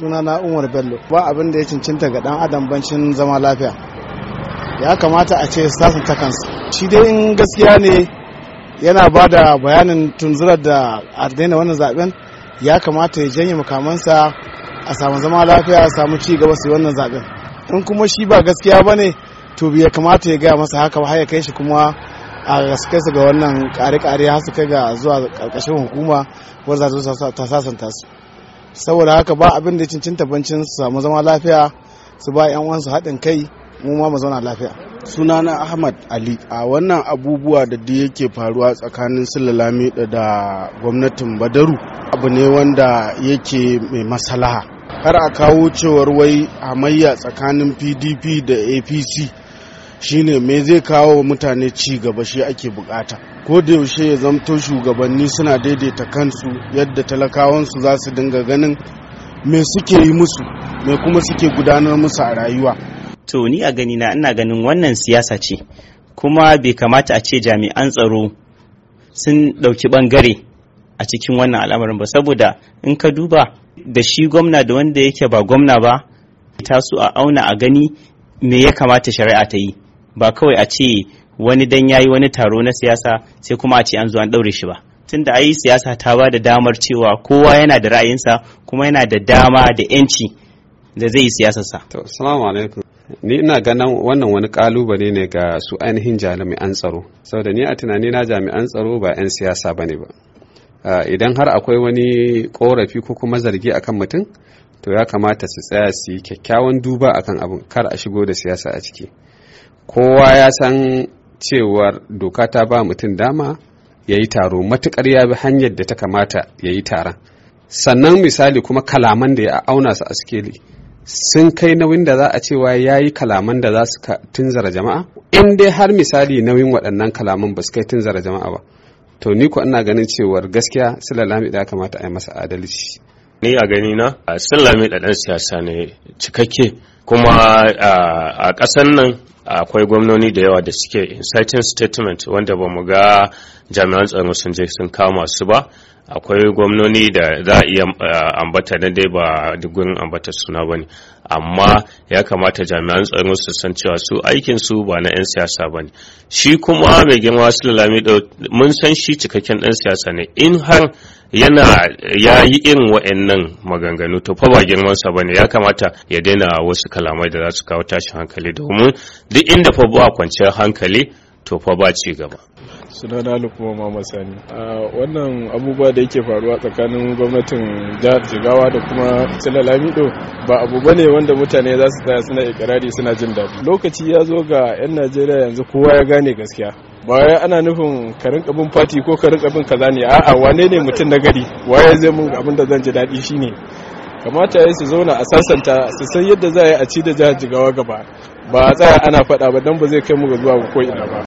suna na umar bello ba abin da ya cincinta ga dan adam bancin zama lafiya ya kamata a ce sassan kansa shi dai in gaskiya ne yana ba da bayanin tunzurar da a daina wannan zaben ya kamata ya janye makamansa a samu zama lafiya a samu ci gaba su wannan zaben in kuma shi ba gaskiya ba ne to ya kamata ya gaya masa haka har ya kai shi kuma a gaske su ga wannan kare-kare har su kai ga zuwa karkashin hukuma wadda za ta sasanta su saboda haka ba abin da cincinta bancin su samu zama lafiya su ba yan uwansu haɗin kai mu ma mu zauna lafiya sunana ahmad ali a wannan abubuwa da da yake faruwa tsakanin sulalami da gwamnatin badaru abu ne wanda yake mai masalaha Har a kawo cewar wai hamayya tsakanin pdp da apc shine me zai kawo wa mutane ci gaba shi ake bukata ko da yaushe ya zamto shugabanni suna daidaita kansu yadda talakawansu za su dinga ganin me suke yi musu me kuma suke gudanar musu a rayuwa to ni a gani na ina ganin wannan siyasa ce kuma bai kamata a ce jami'an tsaro sun ɗauki ɓangare a cikin wannan al'amarin ba saboda in ka duba da shi gwamna da wanda yake ba gwamna ba tasu a auna a gani me ya kamata shari'a ta yi ba kawai a ce wani dan yayi wani taro na siyasa sai kuma a ce an zo an daure shi ba tunda ayi siyasa ta ba da damar cewa kowa yana da ra'ayinsa kuma yana da dama da yanci da zai yi sa to assalamu alaikum ni ina ganin wannan wani kalubale ne ga su ainihin jami'an tsaro saboda ni a tunani na jami'an tsaro ba 'yan siyasa bane ba idan har akwai wani korafi ko kuma zargi akan mutum to ya kamata su tsaya su yi kyakkyawan duba akan abin kar a shigo da siyasa a ciki kowa ya san cewar doka ta ba mutum dama ya yi taro matukar ya bi hanyar da ta kamata ya yi taron sannan misali kuma kalaman da ya auna su a sikeli sun kai nauyin da za a cewa ya yi kalaman da za su tunzara jama'a in dai har misali nauyin waɗannan kalaman ba su kai tunzara jama'a ba to ni ku ina ganin cewar gaskiya silalami da ya kamata a yi masa adalci ni a gani na silalami ɗan siyasa ne cikakke kuma a ƙasan nan akwai gwamnoni da yawa da suke inciting statement wanda ba mu ga jami'an tsaron sun je sun kama su ba akwai gwamnoni da za a iya eh, ambata na dai ba gurin ambata suna ba ne amma ya kamata jami'an tsaro su san cewa su aikin su ba na 'yan siyasa ba ne shi kuma mai girma su lalamido mun san shi cikakken ɗan siyasa ne in har yana ya yi irin wa'annan maganganu to fa ba girmansa ba ne ya kamata ya daina wasu kalamai da za su kawo tashin hankali domin duk inda fa ba kwanciyar hankali to fa ba ci gaba sunana lukuma mama sani wannan abubuwa da yake faruwa tsakanin gwamnatin jihar jigawa da kuma sila lamido ba abu ba ne wanda mutane za su tsaya suna ikirari suna jin daɗi lokaci ya zo ga 'yan najeriya yanzu kowa ya gane gaskiya ba ana nufin karin kabin fati ko karin kabin kaza ne a'a wane ne mutum na gari waye zai mun abin da zan ji daɗi shine kamata ya su zauna a sasanta su san yadda za a yi a ci da jihar jigawa gaba ba a tsaya ana faɗa ba don ba zai kai mu ga zuwa ko ina ba